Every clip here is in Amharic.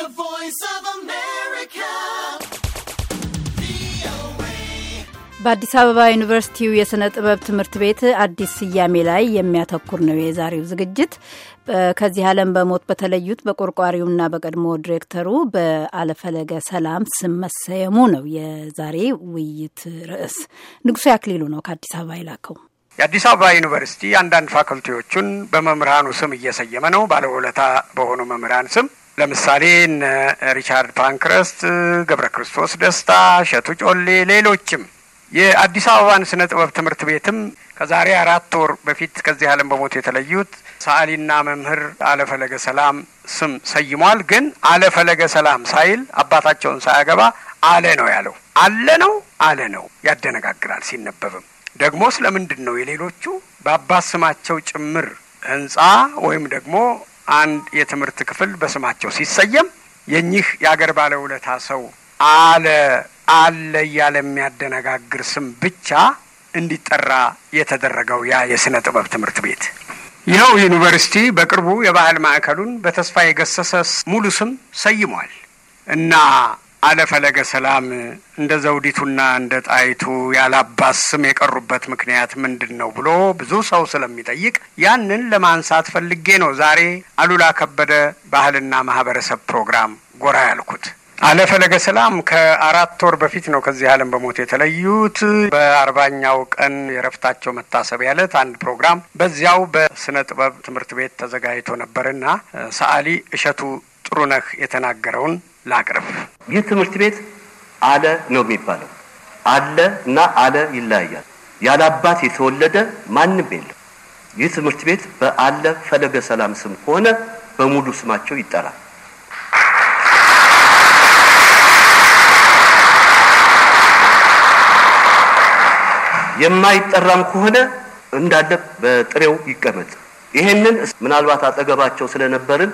The Voice of America. በአዲስ አበባ ዩኒቨርሲቲው የሥነ ጥበብ ትምህርት ቤት አዲስ ስያሜ ላይ የሚያተኩር ነው የዛሬው ዝግጅት። ከዚህ ዓለም በሞት በተለዩት በቆርቋሪውና በቀድሞ ዲሬክተሩ በአለፈለገ ሰላም ስም መሰየሙ ነው የዛሬ ውይይት ርዕስ። ንጉሱ ያክሊሉ ነው ከአዲስ አበባ የላከው። የአዲስ አበባ ዩኒቨርሲቲ አንዳንድ ፋኩልቲዎቹን በመምህራኑ ስም እየሰየመ ነው። ባለውለታ በሆኑ መምህራን ስም ለምሳሌ እነ ሪቻርድ ፓንክረስት፣ ገብረ ክርስቶስ ደስታ፣ ሸቱ ጮሌ፣ ሌሎችም የአዲስ አበባን ስነ ጥበብ ትምህርት ቤትም ከዛሬ አራት ወር በፊት ከዚህ ዓለም በሞት የተለዩት ሰዓሊና መምህር አለፈለገ ሰላም ስም ሰይሟል። ግን አለፈለገ ሰላም ሳይል አባታቸውን ሳያገባ አለ ነው ያለው። አለ ነው አለ ነው ያደነጋግራል። ሲነበብም ደግሞ ስለምንድን ነው የሌሎቹ በአባት ስማቸው ጭምር ህንጻ ወይም ደግሞ አንድ የትምህርት ክፍል በስማቸው ሲሰየም የኚህ የአገር ባለውለታ ሰው አለ አለ እያለ የሚያደነጋግር ስም ብቻ እንዲጠራ የተደረገው ያ የሥነ ጥበብ ትምህርት ቤት ይኸው ዩኒቨርሲቲ በቅርቡ የባህል ማዕከሉን በተስፋ የገሰሰ ሙሉ ስም ሰይሟል እና አለ ፈለገ ሰላም እንደ ዘውዲቱና እንደ ጣይቱ ያላባት ስም የቀሩበት ምክንያት ምንድን ነው ብሎ ብዙ ሰው ስለሚጠይቅ ያንን ለማንሳት ፈልጌ ነው ዛሬ አሉላ ከበደ ባህልና ማህበረሰብ ፕሮግራም ጎራ ያልኩት። አለ ፈለገ ሰላም ከአራት ወር በፊት ነው ከዚህ ዓለም በሞት የተለዩት። በአርባኛው ቀን የረፍታቸው መታሰቢያ ዕለት አንድ ፕሮግራም በዚያው በስነ ጥበብ ትምህርት ቤት ተዘጋጅቶ ነበርና ሰዓሊ እሸቱ ጥሩነህ የተናገረውን ላቅርብ። ይህ ትምህርት ቤት አለ ነው የሚባለው። አለ እና አለ ይለያያል። ያለ አባት የተወለደ ማንም የለም። ይህ ትምህርት ቤት በአለ ፈለገ ሰላም ስም ከሆነ በሙሉ ስማቸው ይጠራል። የማይጠራም ከሆነ እንዳለ በጥሬው ይቀመጥ። ይሄንን ምናልባት አጠገባቸው ስለነበርን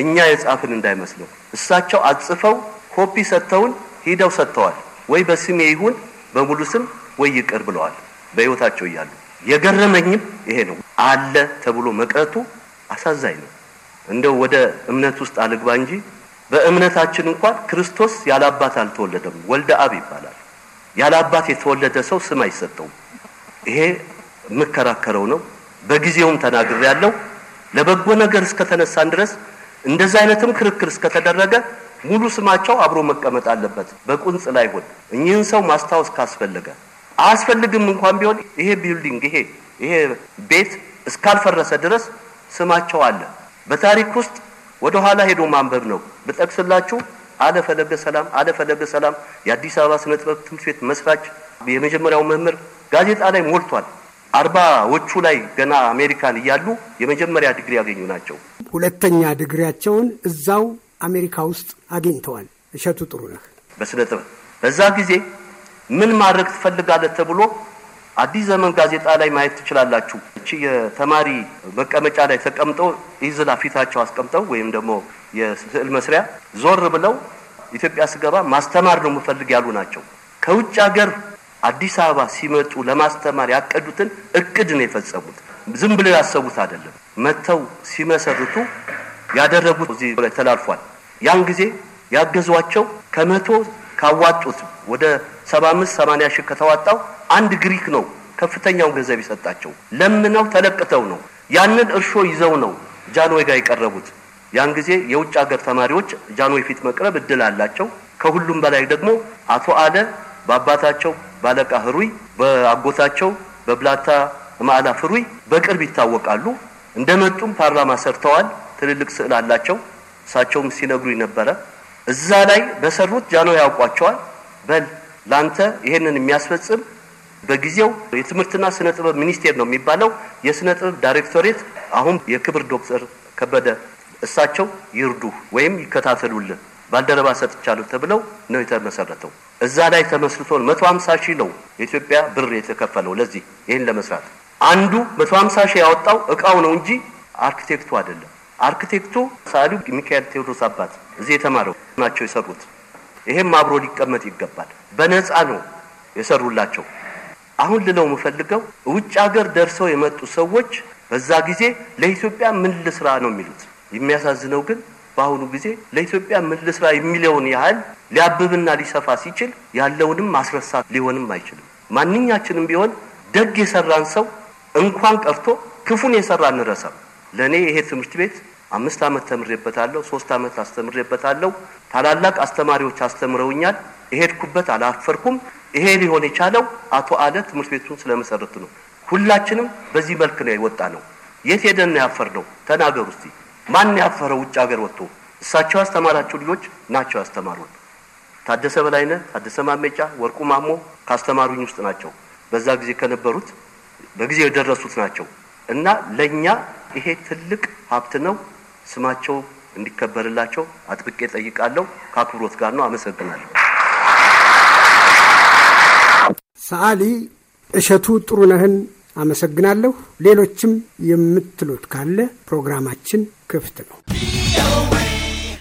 እኛ የጻፍን እንዳይመስለው። እሳቸው አጽፈው ኮፒ ሰጥተውን ሂደው ሰጥተዋል። ወይ በስሜ ይሁን በሙሉ ስም ወይ ይቅር ብለዋል በህይወታቸው እያሉ። የገረመኝም ይሄ ነው። አለ ተብሎ መቅረቱ አሳዛኝ ነው። እንደው ወደ እምነት ውስጥ አልግባ እንጂ በእምነታችን እንኳን ክርስቶስ ያለ አባት አልተወለደም፣ ወልደ አብ ይባላል። ያለ አባት የተወለደ ሰው ስም አይሰጠውም። ይሄ የምከራከረው ነው። በጊዜውም ተናግሬ ያለው ለበጎ ነገር እስከተነሳን ድረስ እንደዚህ አይነትም ክርክር እስከተደረገ ሙሉ ስማቸው አብሮ መቀመጥ አለበት። በቁንጽ ላይ ሆን እኚህን ሰው ማስታወስ ካስፈለገ አያስፈልግም እንኳን ቢሆን ይሄ ቢልዲንግ ይሄ ይሄ ቤት እስካልፈረሰ ድረስ ስማቸው አለ። በታሪክ ውስጥ ወደ ኋላ ሄዶ ማንበብ ነው። ብጠቅስላችሁ አለ ፈለገ ሰላም፣ አለ ፈለገ ሰላም የአዲስ አበባ ስነ ጥበብ ትምህርት ቤት መስራች የመጀመሪያው መምህር ጋዜጣ ላይ ሞልቷል። አርባዎቹ ላይ ገና አሜሪካን እያሉ የመጀመሪያ ዲግሪ ያገኙ ናቸው። ሁለተኛ ዲግሪያቸውን እዛው አሜሪካ ውስጥ አግኝተዋል። እሸቱ ጥሩነህ በስነ ጥበብ በዛ ጊዜ ምን ማድረግ ትፈልጋለህ ተብሎ አዲስ ዘመን ጋዜጣ ላይ ማየት ትችላላችሁ። እቺ የተማሪ መቀመጫ ላይ ተቀምጠው ኢዝላ ፊታቸው አስቀምጠው ወይም ደግሞ የስዕል መስሪያ ዞር ብለው ኢትዮጵያ ስገባ ማስተማር ነው የምፈልግ ያሉ ናቸው። ከውጭ ሀገር አዲስ አበባ ሲመጡ ለማስተማር ያቀዱትን እቅድ ነው የፈጸሙት። ዝም ብለው ያሰቡት አይደለም። መጥተው ሲመሰርቱ ያደረጉት እዚህ ላይ ተላልፏል። ያን ጊዜ ያገዟቸው ከመቶ ካዋጡት ወደ ሰባ አምስት ሰማንያ ሺህ ከተዋጣው አንድ ግሪክ ነው ከፍተኛውን ገንዘብ የሰጣቸው። ለምነው ተለቅተው ነው ያንን እርሾ ይዘው ነው ጃንሆይ ጋር የቀረቡት። ያን ጊዜ የውጭ ሀገር ተማሪዎች ጃንሆይ ፊት መቅረብ እድል አላቸው። ከሁሉም በላይ ደግሞ አቶ አለ በአባታቸው በአለቃ ህሩይ፣ በአጎታቸው በብላታ ማዕላ ፍሩይ በቅርብ ይታወቃሉ። እንደመጡም ፓርላማ ሰርተዋል። ትልልቅ ስዕል አላቸው። እሳቸውም ሲነግሩ ነበረ። እዛ ላይ በሰሩት ጃኖ ያውቋቸዋል። በል ላንተ ይሄንን የሚያስፈጽም በጊዜው የትምህርትና ስነ ጥበብ ሚኒስቴር ነው የሚባለው የስነ ጥበብ ዳይሬክቶሬት አሁን የክብር ዶክተር ከበደ እሳቸው ይርዱ ወይም ይከታተሉልን ባልደረባ ሰጥቻለሁ ተብለው ነው የተመሰረተው። እዛ ላይ ተመስርቶ መቶ ሀምሳ ሺህ ነው የኢትዮጵያ ብር የተከፈለው ለዚህ ይህን ለመስራት አንዱ መቶ ሀምሳ ሺህ ያወጣው እቃው ነው እንጂ አርኪቴክቱ አይደለም። አርኪቴክቱ ሰዓሊው ሚካኤል ቴዎድሮስ አባት እዚህ የተማረው ናቸው የሰሩት። ይሄም አብሮ ሊቀመጥ ይገባል። በነፃ ነው የሰሩላቸው። አሁን ልለው የምፈልገው ውጭ ሀገር ደርሰው የመጡ ሰዎች በዛ ጊዜ ለኢትዮጵያ ምን ልስራ ነው የሚሉት። የሚያሳዝነው ግን በአሁኑ ጊዜ ለኢትዮጵያ መልስ ላይ የሚለውን ያህል ሊያብብና ሊሰፋ ሲችል ያለውንም ማስረሳት ሊሆንም አይችልም። ማንኛችንም ቢሆን ደግ የሰራን ሰው እንኳን ቀርቶ ክፉን የሰራ እንረሳም። ለእኔ ይሄ ትምህርት ቤት አምስት ዓመት ተምሬበታለሁ። ሶስት ዓመት አስተምሬበታለሁ። ታላላቅ አስተማሪዎች አስተምረውኛል። የሄድኩበት አላፈርኩም። ይሄ ሊሆን የቻለው አቶ አለ ትምህርት ቤቱን ስለመሰረቱ ነው። ሁላችንም በዚህ መልክ ነው የወጣ ነው። የት ሄደን ነው ያፈር ነው? ተናገሩ እስቲ። ማን ያፈረው ውጭ ሀገር ወጥቶ? እሳቸው ያስተማራቸው ልጆች ናቸው ያስተማሩን። ታደሰ በላይነ፣ ታደሰ ማመጫ ወርቁ ማሞ ካስተማሩኝ ውስጥ ናቸው። በዛ ጊዜ ከነበሩት በጊዜ የደረሱት ናቸው እና ለእኛ ይሄ ትልቅ ሀብት ነው። ስማቸው እንዲከበርላቸው አጥብቄ ጠይቃለሁ። ከአክብሮት ጋር ነው። አመሰግናለሁ። ሰዓሊ እሸቱ ጥሩነህን አመሰግናለሁ። ሌሎችም የምትሉት ካለ ፕሮግራማችን ክፍት ነው።